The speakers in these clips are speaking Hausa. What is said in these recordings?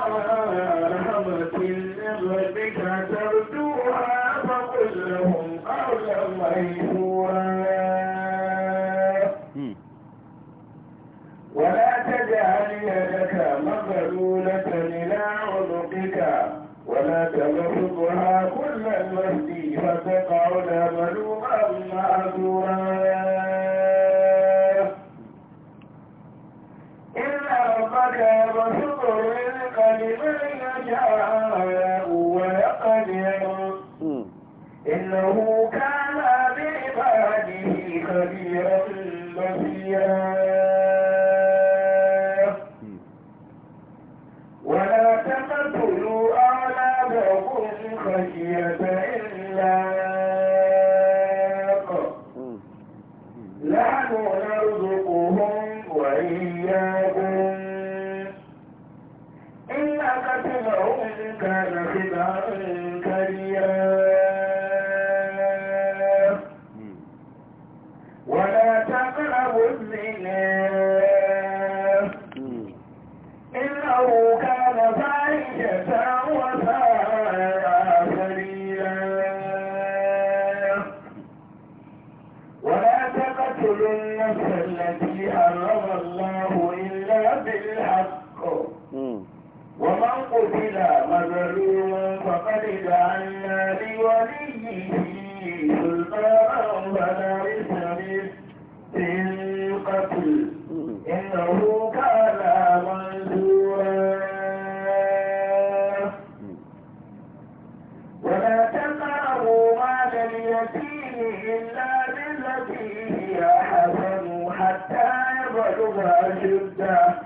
Thank you. وما جبته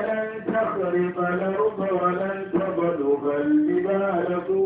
لن تخرق الأرض ولن تبلغ الجبال طولا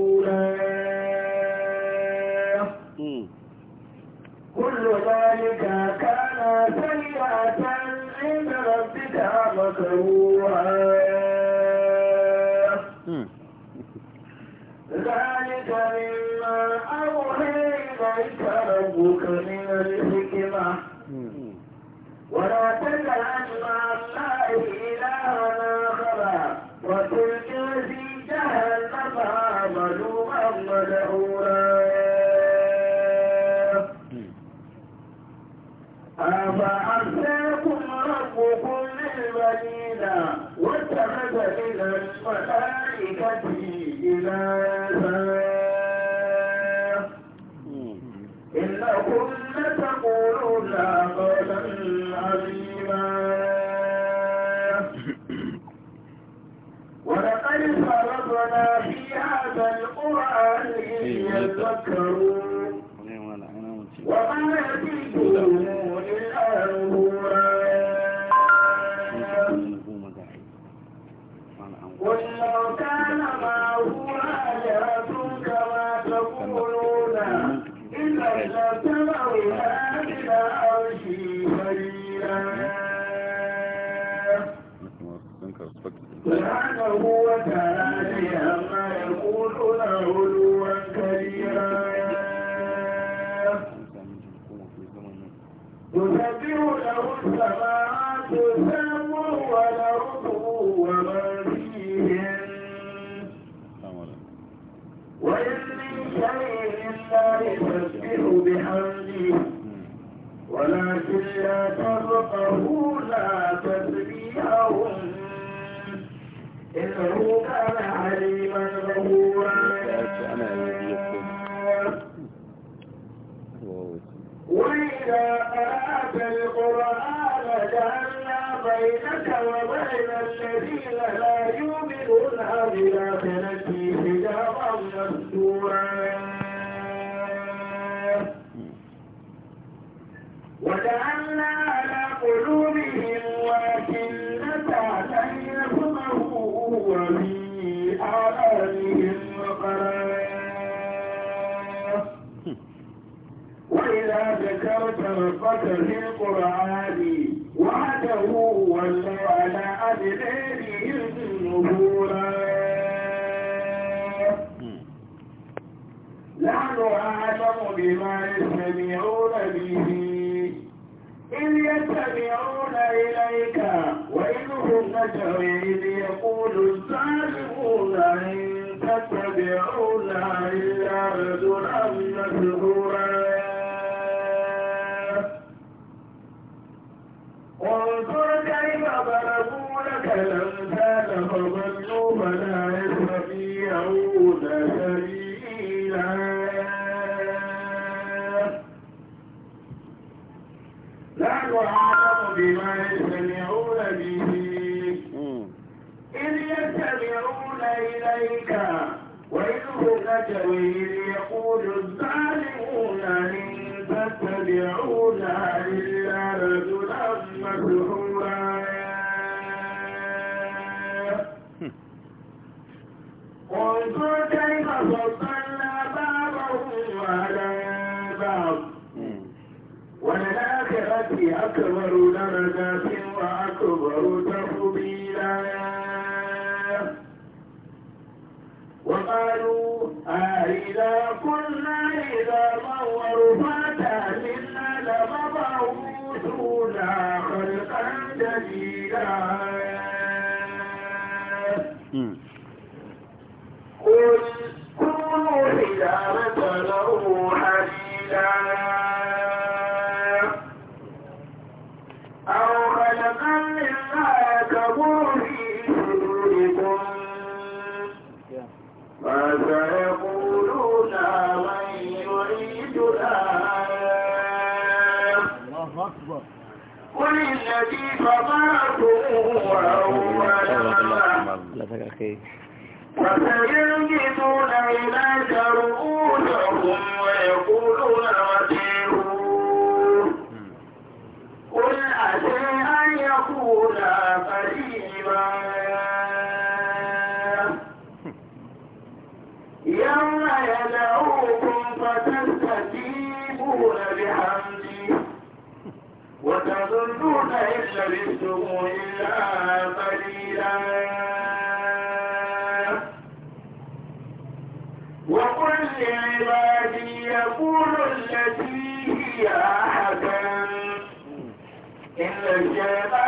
الله أعلم بما يستمعون به إذ يستمعون إليك وإذ هم نجوي إذ يقول الظالمون إن تتبعون إلا رجلا مسهورا وانظر كيف ضربوا لك الأمثال فضلوا فلا يستطيعون سبيلا نحن أعلم بما يستمعون به إذ يستمعون إليك يقول الظالمون إن قلت كيف فضلت الجنة أكبر درجات وأكبر تفضيلا وقالوا أإذا آه كنا saka kai wa Yeah.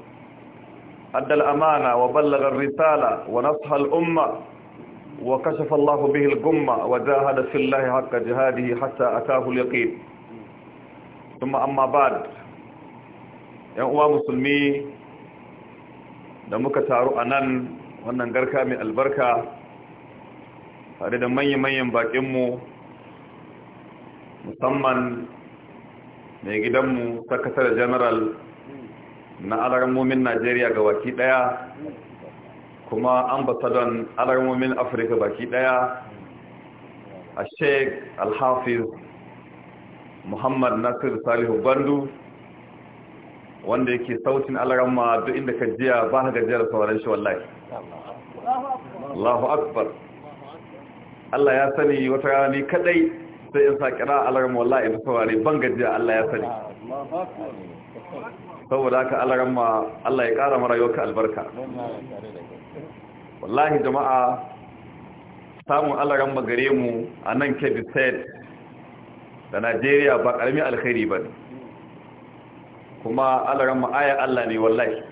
أدى الأمانة وبلغ الرسالة ونصح الأمة وكشف الله به القمة وجاهد في الله حق جهاده حتى أتاه اليقين ثم أما بعد ‘yan uwa musulmi da muka taru a nan wannan garka mai albarka tare da manya-manyan bakinmu musamman mai gidanmu sakatare general na alarmomin najeriya ga baki daya kuma ambasadon alarmomin afirka baki ɗaya a sheik alhafiz muhammad nasir salihu bandu wanda yake sautin alarma duk inda ka jiya ba ka gajiyar sauran shi wallahi Allahu akbar Allah ya sani wata rani kadai sai in sa kira alarma wallahi in saurari ban gajiya Allah ya sani saboda haka Allah ramma Allah ya kara mara yauka albarka wallahi jama'a samun Allah ramma gare mu a nan Kebbi da Najeriya ba ƙaramin alkhairi ba kuma Allah ramma aya Allah ne wallahi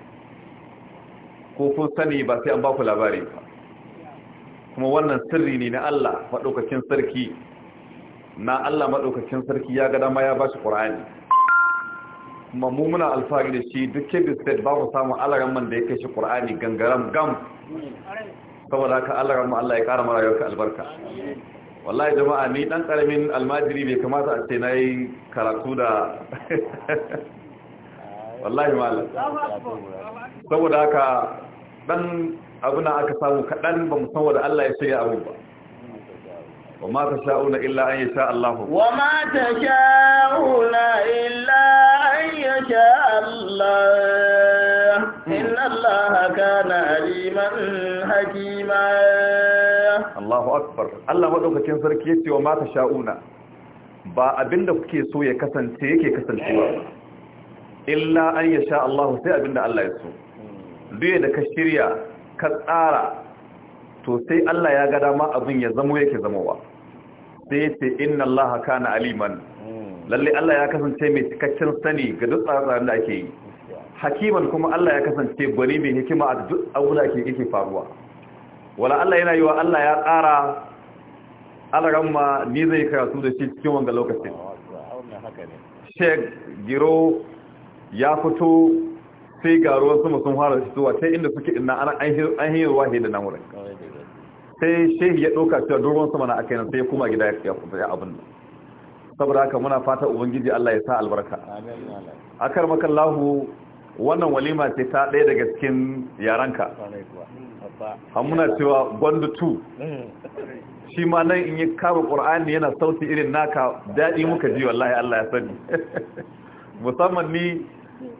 ko kun sani ba sai an ba ku labari ba kuma wannan sirri ne na Allah maɗaukakin sarki na Allah maɗaukakin sarki ya ga dama ya ba shi ƙur'ani kuma muna alfahari da shi duk kebbi state ba mu samun alaramman da ya kai shi ƙur'ani gangaram gam saboda haka alaramman allah ya ƙara mara yau ka albarka wallahi jama'a ni ɗan ƙaramin almajiri bai kamata a ce na yi karatu da wallahi malam saboda haka ɗan abu na aka samu kaɗan ba mu san wanda Allah ya shirya abu ba wa ma ta sha'una illa an yi sha'allahu. wa ma ta sha'una illa Allah الله إن الله كان عليما حكيما الله أكبر sarki ya ce wa mata sha'una. ba abin da kuke so ya kasance yake kasancewa illa an ya sha Allah sai da Allah ya so duk da ka shirya ka tsara to sai Allah ya ga dama abin ya zamo yake zamowa sai ce inna Allah kana aliman lalle Allah ya kasance mai cikakken sani ga duk tsare-tsaren da ake yi hakiman kuma Allah ya kasance gwani mai hikima a duk abu da ke yake faruwa wala Allah yana yi wa Allah ya tsara ma ni zai karatu da shi cikin wanga lokacin sheik giro ya fito sai ga ruwan sama sun fara fitowa sai inda suke ina an hiyar wahe da namurai sai shehi ya ɗauka cewa ruwan sama na aka yana sai ya kuma gida ya abin nan saboda haka muna fata ubangiji Allah ya sa albarka akar makallahu wannan walima ce ta ɗaya daga cikin yaranka Hamuna muna cewa Gwandu 2 mm. shi ma nan in yi kama ƙor'ani yana sauti irin naka daɗi muka ji wallahi Allah ya sani musamman ni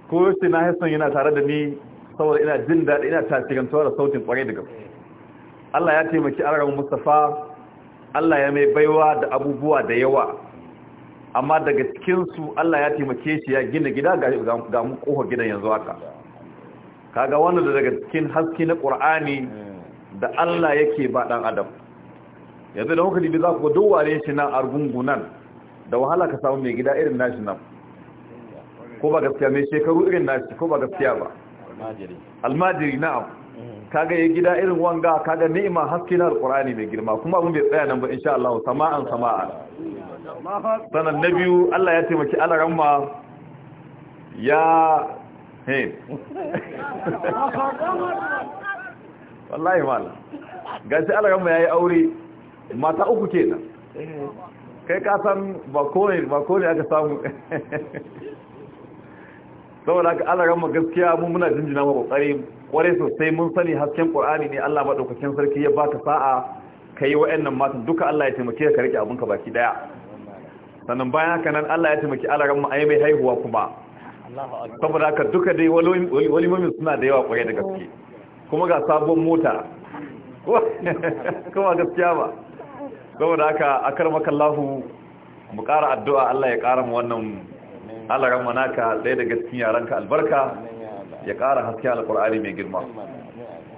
ko yaushe na hasan yana tare da ni saboda ina jin daɗi ina tasirantuwa da sautin ƙwarai daga Allah ya taimaki Mustapha Allah ya mai baiwa da abubuwa da yawa amma daga cikinsu Allah ya taimake shi ya gina gida ga mu kofar gidan yanzu haka kaga wannan da daga cikin haske na Qur'ani da Allah yake ba dan adam yanzu da kuka dibi za ku doware shi nan argungunan da wahala ka samu mai gida irin nashi nan ko ba gaskiya mai shekaru irin nashi ko ba gaskiya ba almajiri na'am kaga ya gida irin wanga kaga ni'ima haske na alqur'ani mai girma kuma mun bai tsaya nan ba insha Allah sama'an sama'an sannan na biyu Allah ya taimaki alaramma ya he wallahi mala gashi alaramma ya yi aure mata uku kenan kai ka san ba ne aka samu saboda aka alaramma gaskiya mun muna jinjina ma kokari kware sosai mun sani hasken qur'ani ne Allah madaukakin sarki ya baka sa'a ka kai wa'annan matan duka Allah ya taimake ka rike abinka baki daya sannan bayan haka nan Allah ya taimaki alaran a ai mai haihuwa kuma saboda haka duka dai mamin suna da yawa kwaye da gaske kuma ga sabon mota kuma gaskiya ba saboda haka a karmakallahu mu ƙara addu'a Allah ya kara mu wannan alaran naka ɗaya da cikin yaranka albarka ya ƙara haske alƙur'ani mai girma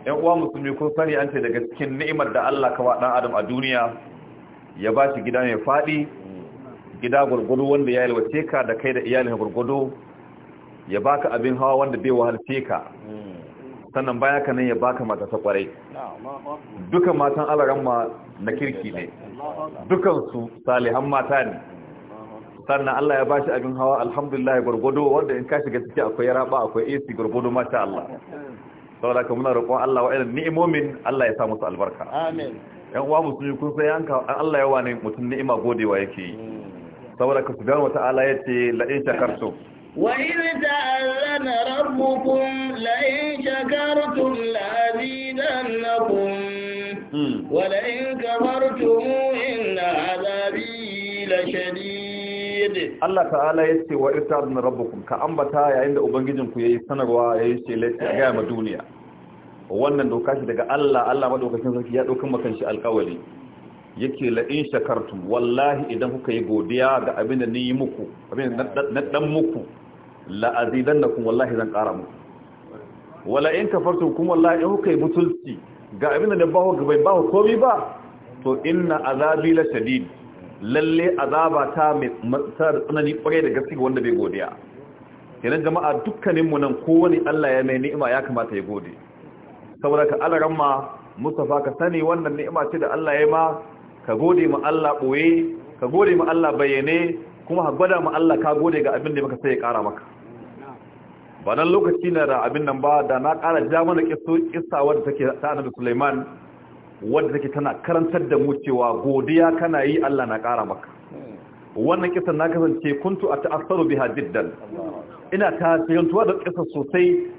‘yan uwa musulmi kun sani an ce daga cikin ni'imar da Allah wa dan adam a duniya ya ba shi gida mai faɗi gida gurgudu wanda ya yi ka da kai da iyalin gurgudu ya baka abin hawa wanda bai wahalce sannan baya ka nan ya baka mata ta kwarai dukan matan alaramma na kirki ne dukansu salihan mata ne sannan Allah ya bashi abin hawa alhamdulillah gurgudu wanda in ka shiga ciki akwai raba akwai AC gurgudu masha Allah saboda kuma muna roƙon Allah wa'annan ni'imomin Allah ya sa musu albarka amin yan uwa musulmi kun sai an Allah ya wane mutum ni'ima godewa yake yi saboda ka subhanahu wata'ala yace la in shakartum wa in ta'allana rabbukum la in shakartum la azidannakum hmm. wa la in kafartum inna azabi la shadid Allah ta'ala yace wa in ta'allana rabbukum ka ambata yayin da ubangijin ubangijinku yayi sanarwa yayi ce lati ga ma duniya wannan doka shi daga Allah Allah madaukakin sarki ya daukan makan shi alƙawari yake la'in shakartu, wallahi idan kuka yi godiya ga abin da ni yi muku abin da na dan muku la'azidannakum wallahi zan ƙara muku wala in kafartum kuma wallahi in kuka yi mutulci ga abin da na ba ku bai ba ku komi ba to inna azabi la shadid lalle azaba ta mai tsanani kware da gaske wanda bai godiya kenan jama'a dukkanin mu nan kowani Allah ya mai ni'ima ya kamata ya gode saboda ka alaramma Mustafa ka sani wannan ni'ima ce da Allah ya yi ma ka gode ma Allah boye ka gode ma Allah bayyane kuma ka gwada ma Allah ka gode ga abin da maka sai ya kara maka ba nan lokaci na da abin nan ba da na kara ja mana kissa wadda take ta annabi Sulaiman wadda take tana karantar da mu cewa godiya kana yi Allah na kara maka wannan kisan na kasance kuntu a ta'assaru biha jiddan ina ta tasirantuwa da kisa sosai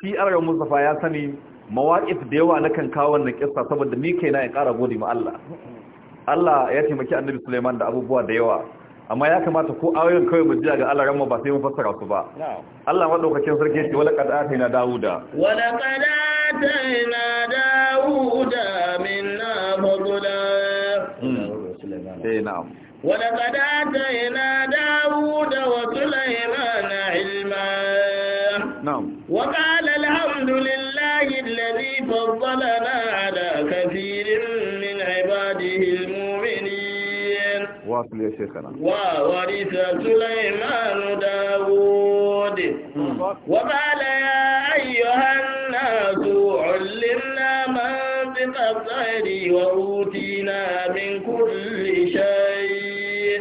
shi arga Mustafa ya sani mawaƙif da yawa na kan kawo wannan kissa saboda ni kaina in ƙara gode ma Allah Allah ya taimaki annabi Sulaiman da abubuwa da yawa amma ya kamata ko ayoyin kawai mu jiya ga Allah ranmu ba sai mun fassara su ba Allah madaukakin sarki shi wala qad atayna dauda wala qad atayna dauda minna fadla hmm. eh na'am wala qad atayna dauda wa sulaymana ilma na'am wa qala alhamdulillah نقل شيخنا وورث سليمان داود وقال يا أيها الناس علمنا منطق الطير وأوتينا من كل شيء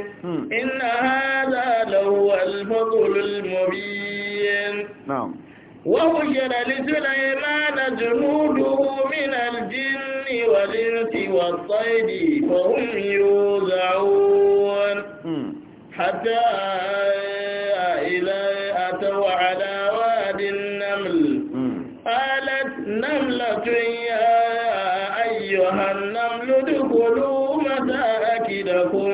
إن هذا لهو الفضل المبين نعم وهجر لسليمان إلي أتوا على واد النمل قالت نملة يا أيها النمل ادخلوا مساكنكم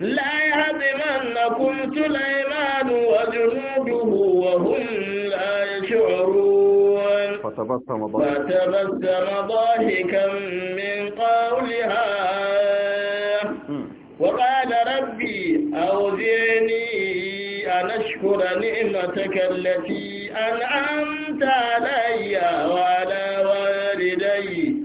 لا يهزمنكم سليمان وجنوده وهم لا يشعرون فتبسم ضاحكا من قولها أوزعني أن أشكر نعمتك التي أنعمت علي وعلى والدي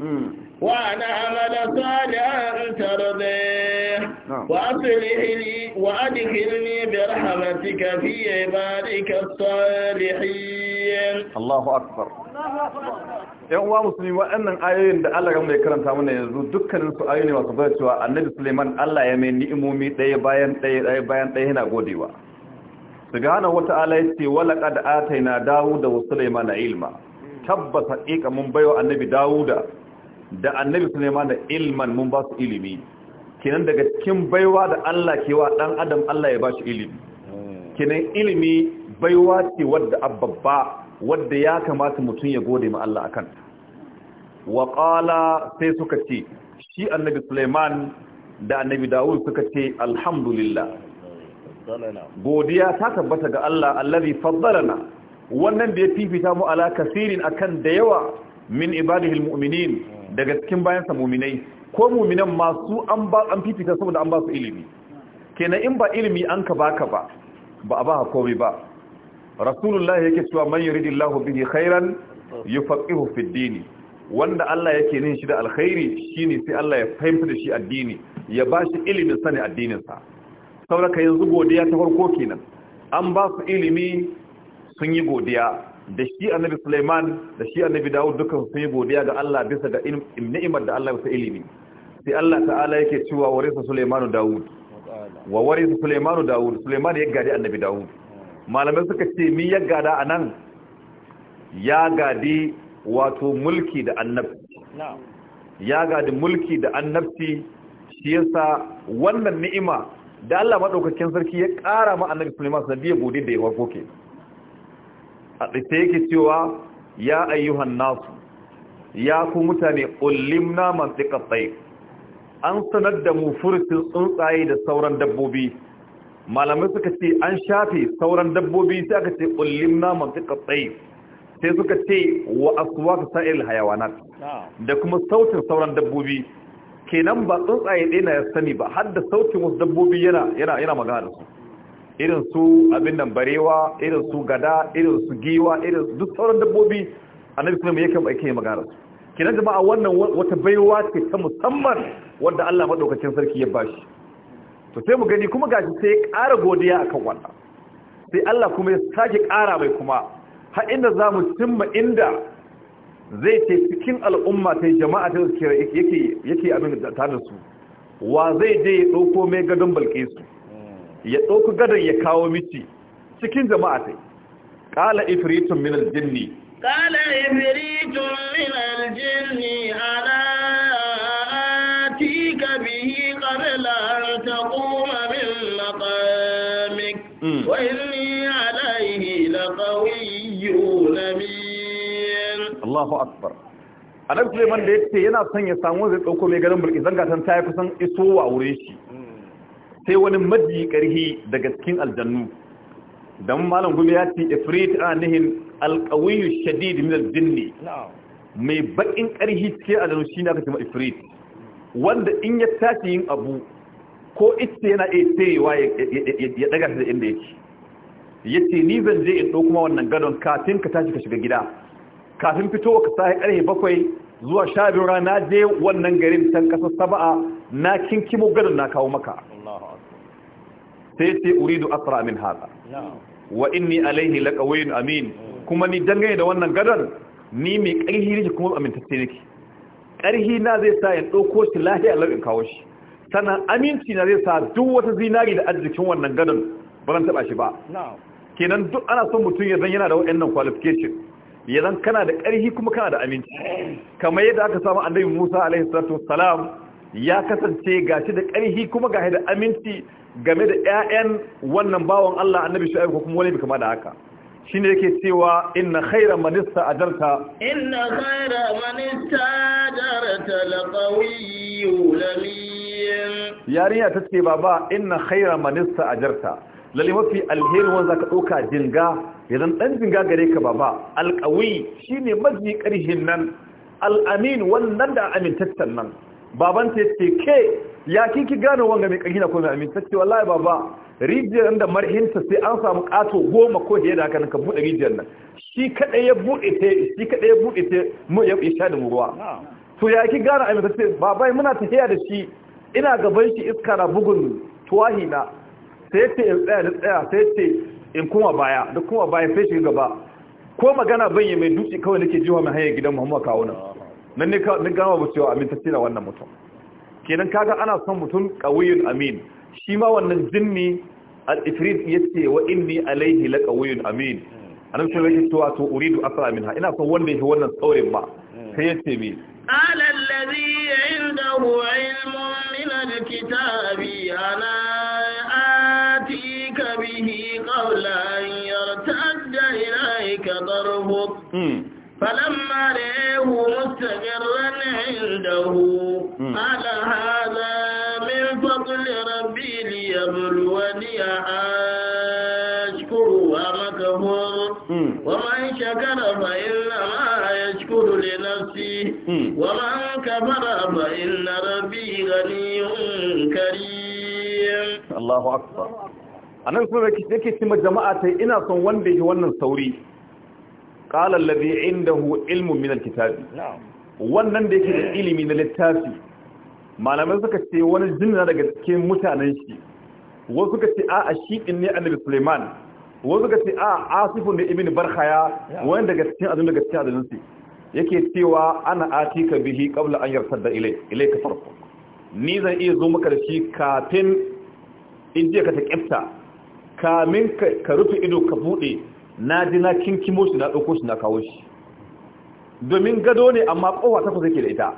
وأن أعمل صالحا ترضيه نعم. وأصلح لي وأدخلني برحمتك في عبادك الصالحين الله أكبر الله أكبر yan uwa musulmi waɗannan ayoyin da Allah ya karanta mana yanzu dukkanin su ayoyi ne masu bayar cewa annabi Suleiman Allah ya mai ni'imomi ɗaya bayan ɗaya ɗaya bayan ɗaya yana godewa wata da ata yana dawo da wasu suleiman na ilma tabbas haƙiƙa mun baiwa annabi Dawuda da annabi na ilman mun ba su ilimi kenan daga cikin baiwa da Allah ke wa dan adam Allah ya ba shi ilimi kenan ilimi baiwa ce wadda ababba wadda ya kamata mutum ya gode ma Allah kanta wa sai suka ce shi annabi Sulaiman da annabi Dawud suka ce alhamdulillah godiya ta tabbata ga Allah allazi faddalana wannan da ya fifita mu ala kasirin akan da yawa min ibadihi almu'minin daga cikin bayansa mu'minai ko mu'minan masu an ba an fifita saboda an ba su ilimi kenan in ba ilimi an ka baka ba ba a ba komai ba rasulullahi yake cewa man yuridillahu bihi khairan yufaqihu fid dini wanda Allah yake nin shi da alkhairi shine sai Allah ya fahimta da shi addini ya ba shi ilimin sani addininsa saboda yanzu godiya ta farko kenan an ba su ilimi sun yi godiya da shi annabi Sulaiman da shi annabi Dawud duka sun yi godiya ga Allah bisa ga ni'imar da Allah ya sa ilimi sai Allah ta'ala yake cewa warisa Sulaimanu Dawud wa warisa Sulaimanu Dawud Sulaiman ya gadi annabi Dawud malamai suka ce mi ya gada anan ya gadi wato mulki da annabci ya gadi mulki da annabci shi yasa wannan ni'ima da Allah madaukakin sarki ya ƙara ma annabi Sulaiman ya gode da ya warko ke a tsaye yake cewa ya ayyuhan nasu ya ku mutane ulimna mantiqa tsaye an sanar da mu furucin tsuntsaye da sauran dabbobi malamai suka ce an shafe sauran dabbobi sai aka ce ulimna mantiqa tsaye sai suka ce wa aswatu sa'il hayawanat da kuma sautin sauran dabbobi kenan ba tsuntsaye ɗaya na ya sani ba har da sautin wasu dabbobi yana yana yana magana da su irin su abin nan barewa irin su gada irin su giwa irin duk sauran dabbobi annabi sallallahu alaihi wasallam yake magana da su kenan jama'a wannan wata baiwa ce ta musamman wanda Allah madaukakin sarki ya bashi to sai mu gani kuma gashi sai ya ƙara godiya akan wannan sai Allah kuma ya sake ƙara mai kuma har inda za mu cimma inda zai ce cikin al'umma ta jama'a ta yake abin da ta su wa zai je ya ɗauko mai gadon balke su ya ɗauko gadon ya kawo miki cikin jama'a ta ƙala ifiritun minal jinni ƙala ifiritun minal jinni Allahu akbar annabi Sulaiman da ce yana son ya samu zai dauko mai garin Bilqis zanga ta ta kusan iso isowa wuri shi sai wani maji karhi daga cikin aljannu dan malam gumi ya ce ifrit nihin Alƙawiyu shadid min aljinni. mai bakin karhi cikin aljannu ne aka ce ifrit wanda in ya tashi yin abu ko ita yana iya tsayewa ya daga shi da inda yake ce ni zan je in ɗau kuma wannan gadon kafin ka tashi ka shiga gida kafin fito ka sai ƙarfe bakwai zuwa sha biyu rana je wannan garin can kasar saba'a na kinkimo garin na kawo maka sai sai uridu asra min hada wa inni alaihi laqawin amin mm. kuma ni dangane da wannan gadon? ni mai ƙarhi nake kuma amintacce niki. karhi na zai sa ya dauko shi lahiya Allah kawo shi sannan aminci na zai sa duk wata zinari da arzikin wannan gadon ba zan taɓa shi ba kenan duk ana son mutum ya zan yana da waɗannan qualification ya zan kana da ƙarfi kuma kana da aminci kamar yadda aka samu annabi Musa alaihi salatu wassalam ya kasance gashi da ƙarfi kuma gashi da aminci game da ƴaƴan wannan bawan Allah annabi Shu'aib ko kuma wani kama da haka shine yake cewa inna khayra man istajarta inna khayra man istajarta laqawiyyu lamin yarinya tace baba inna khayra man jarta. lalle mafi alheri wanda ka ɗauka dinga idan ɗan dinga gare ka baba alƙawi shi ne mafi ƙarhin nan al'amin wannan da amintaccen nan baban ta ce ke ya kiki gane wanga mai ƙarhi na kuma amintacce wallahi baba rijiyar da marhinta sai an samu ƙato goma ko da yadda haka ka buɗe rijiyar nan shi kaɗai ya buɗe ta shi kaɗai ya buɗe ta mu ya sha da ruwa to ya ki gane amintacce baba muna tafiya da shi ina gaban shi iska na bugun tuwahi na sai ce in tsaya da tsaya sai ce in kuma baya da kuma baya sai shi gaba ko magana ban yi mai dutse kawai nake jiwa mai hanyar gidan muhammad kawunan nan ne gama bucewa amin ta na wannan mutum kenan kaga ana son mutum kawuyin amin shi ma wannan jinni al-ifrit ce wa inni alaihi kawuyin amin anan sai yake cewa to uridu asra minha ina son wanda yake wannan tsaurin ba sai yace me qala alladhi indahu ilmun min al-kitab فلما رأيه مستقرا عنده قال هذا من فضل ربي ليبلوني أشكر ومكفر ومن شكر فإنما يشكر لنفسه ومن كفر فإن ربي غني كريم الله أكبر kuma cimma jama'a ta ina son wanda yi wannan sauri قال الذي عنده علم من الكتاب wannan da yake da ilimi na littafi malamai suka ce wani jinna daga cikin mutanen shi wasu suka ce a ashiqin ne annabi Suleiman wasu suka ce a asifun da ibn barkhaya wani daga cikin azun daga cikin azun su yake cewa ana atika bihi qabla an ilai ilai ka farko ni zan iya zo maka da shi kafin in je ka ta kifta kamin ka rufe ido ka bude na ji na kinkimo shi na ɗauko shi na kawo shi domin gado ne amma ƙofa takwas yake da ita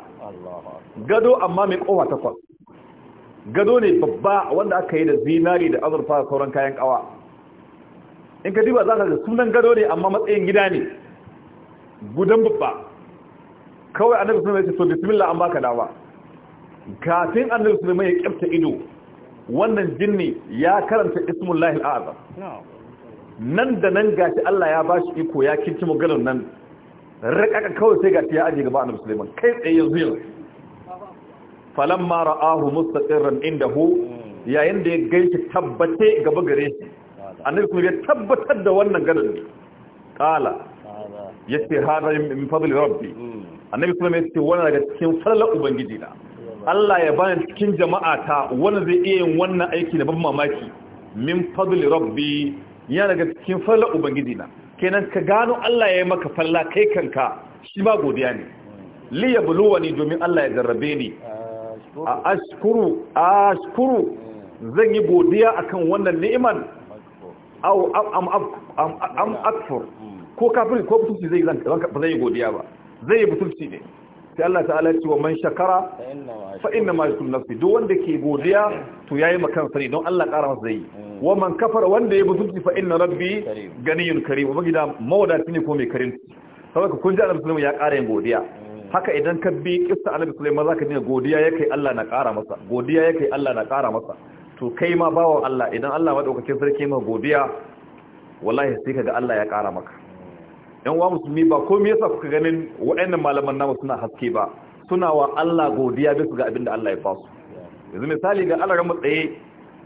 gado amma mai ƙofa takwas gado ne babba wanda aka yi da zinari da azurfa da sauran kayan ƙawa in ka diba za ka ga sunan gado ne amma matsayin gida ne gudan babba kawai annabi sunan mai ce so bismillah an baka dawa. kafin annabi sunan ya kyafta ido wannan jinni ya karanta ismullahi al'azam nan da nan gashi Allah ya ba shi iko ya kinci maganar nan raƙaƙa kawai sai gashi ya aje gaba annabi Sulaiman kai tsaye yanzu yanzu falamma ra'ahu mustaqirran indahu yayin da ya gaishe tabbace gaba gare shi annabi kuma ya tabbatar da wannan ganin qala yace hada min fadli rabbi annabi kuma ce wannan daga cikin falalar ubangiji na Allah ya bani cikin jama'a ta wanda zai iya yin wannan aiki da ban mamaki min fadli rabbi yana daga cikin falla ubangiji na kenan ka gano Allah ya yi maka falla kai kanka shi ba godiya ne li yabluwani domin Allah ya jarrabe ni a ashkuru ashkuru zan yi godiya akan wannan ni'iman aw am am akfur ko kafiri ko butulci zai zan ba zai yi godiya ba zai yi butulci ne sai Allah ta'ala ya ce wa man shakara fa inna ma yakun nafsi duk wanda ke godiya to yayi makan sani don Allah ƙara masa zai mm. wa man kafara wanda ya buzuki fa inna rabbi ganiyun karim wa gida mawadaci ne ko mai karim saboda kun ji Annabi Sulaiman ya kara yin godiya mm. haka idan ka bi kissa Annabi Sulaiman zaka ji godiya yake Allah na kara masa godiya yake Allah na kara masa to kai ma bawon Allah idan Allah madaukakin sarki ma godiya wallahi sai kaga Allah ya kara maka yan wa musulmi ba ko me yasa kuka ganin waɗannan malaman namu suna haske ba suna wa Allah godiya bisa ga abin da Allah ya ba su yanzu misali ga Allah ramu tsaye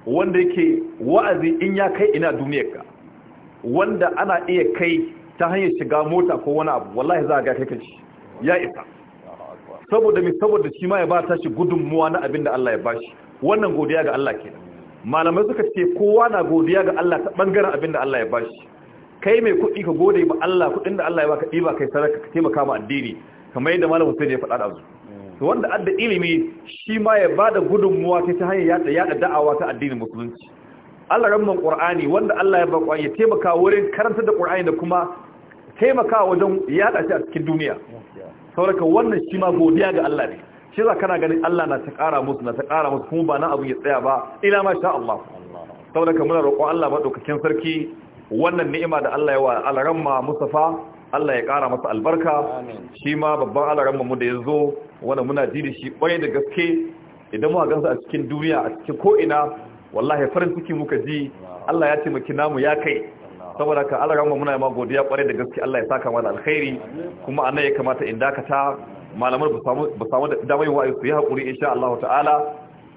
wanda yake wa'azi in ya kai ina duniyar ka wanda ana iya kai ta hanyar shiga mota ko wani abu wallahi za ga kai kai ya isa saboda mi saboda shi ma ya ba tashi gudunmuwa na abin da Allah ya bashi wannan godiya ga Allah kenan malamai suka ce kowa na godiya ga Allah ta bangaren abin da Allah ya bashi kai mai kuɗi ka gode ba Allah kuɗin da Allah ya baka ɗiba kai sadaka ka taimaka ma addini kamar yadda malam sai ya faɗa da su to wanda adda ilimi shi ma ya bada gudunmuwa ta hanyar yada yada da'awa ta addinin musulunci Allah ramman Qur'ani wanda Allah ya baka ya taimaka wurin karanta da Qur'ani da kuma taimaka wajen yada shi a cikin duniya sauraka wannan shi ma godiya ga Allah ne shi za kana ganin Allah na ta ƙara musu na ta ƙara musu kuma ba na abu ya tsaya ba ila ma sha Allah saboda muna roƙo Allah maɗaukakin sarki wannan ni'ima da Allah ya wa alaramma Mustafa Allah ya kara masa albarka shi ma babban alaramma mu da ya zo wanda muna ji da shi ƙwarai da gaske idan muka gansa a cikin duniya a cikin ko'ina wallahi farin ciki muka ji Allah ya na namu ya kai saboda ka alaramma muna ma godiya ƙwarai da gaske Allah ya saka mana alkhairi kuma nan ya kamata in dakata malamar ba samu da damar wa'ayi su yi haƙuri insha Allah ta'ala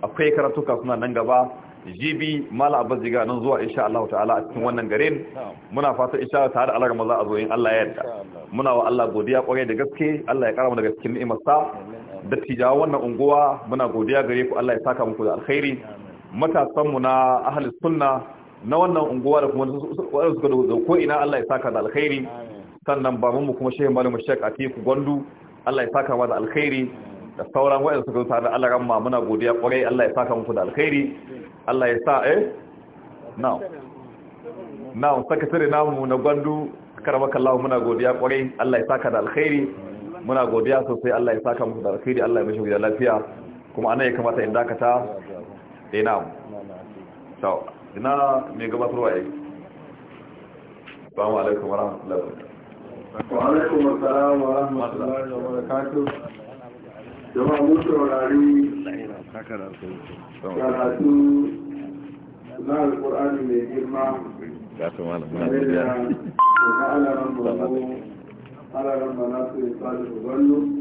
akwai karatu kasuna nan gaba jibi mala abbas jiga nan zuwa insha Allah ta'ala a cikin wannan garin muna fata insha Allah ta'ala Allah maza a zo in Allah ya yarda muna wa Allah godiya kwarai da gaske Allah ya karama daga cikin ni'imarsa da tijawa wannan unguwa muna godiya gare ku Allah ya saka muku da alkhairi matasan mu na ahli sunna na wannan unguwa da kuma wanda suka da ko ina Allah ya saka da alkhairi sannan baban mu kuma shehu malamu shek Atiku Gwandu Allah ya saka ma da alkhairi da sauran wa'anda suka zo tare da Allah ramma muna godiya kwarai Allah ya saka muku da alkhairi Allah ya sa eh now now sakatare namu na gwandu karama kallahu muna godiya kwarai Allah ya saka da alkhairi muna godiya sosai Allah ya saka mu da alkhairi Allah ya mishi godiya lafiya kuma anan ya kamata in dakata eh namu, so ina me gabatarwa yayi eh? assalamu alaikum wa rahmatullahi wa alaikum assalam wa rahmatullahi wa barakatuh jama'a mun rayu. karatu na alkur'ani mai girma ya fi malam na biya da alaran mamu alaran manasiru salihu ballo